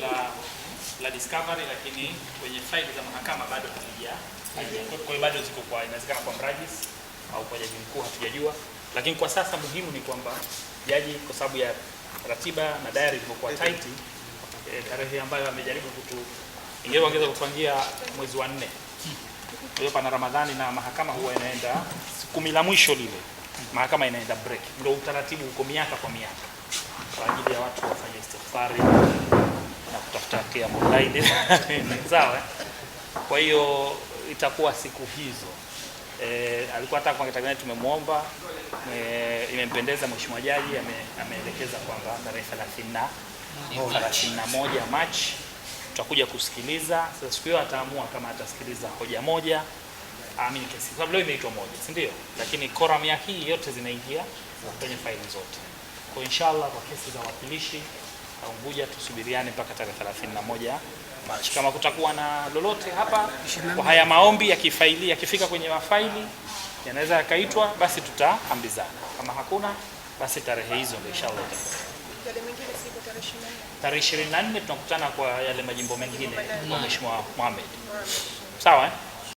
la la discovery, lakini kwenye faili za mahakama bado hazija. Kwa hiyo bado ziko kwa inawezekana kwa mrajisi au kwa jaji mkuu, hatujajua. Lakini kwa sasa muhimu ni kwamba jaji, kwa sababu ya ratiba na diary ilivyokuwa tight, eh, tarehe ambayo amejaribu kutu ingeongeza kufangia mwezi wa nne hiyo pana Ramadhani na mahakama huwa inaenda kumi la mwisho lile, mahakama inaenda break. Ndio utaratibu uko miaka kwa miaka kwa ajili ya watu wafanye istighfari tutake online sawa. Eh? Kwa hiyo itakuwa siku hizo e, alikuwa hata kwa Tanzania tumemwomba e, imempendeza mheshimiwa jaji ameelekeza kwamba tarehe 31 Machi tutakuja kusikiliza. Sasa siku hiyo ataamua kama atasikiliza hoja moja amini kesi, sababu leo imeitwa moja, si ndio? Lakini koram ya hii yote zinaingia kwenye faili zote, kwa inshallah kwa kesi za wakilishi Unguja, tusubiriane mpaka tarehe 31 Machi. Kama kutakuwa na lolote hapa kwa haya maombi yakifaili, yakifika kwenye mafaili yanaweza yakaitwa, basi tutaambizana. Kama hakuna, basi tarehe hizo ndio inshallah. Tarehe 24 tunakutana kwa yale majimbo mengine kwa Mheshimiwa Mohamed, sawa eh?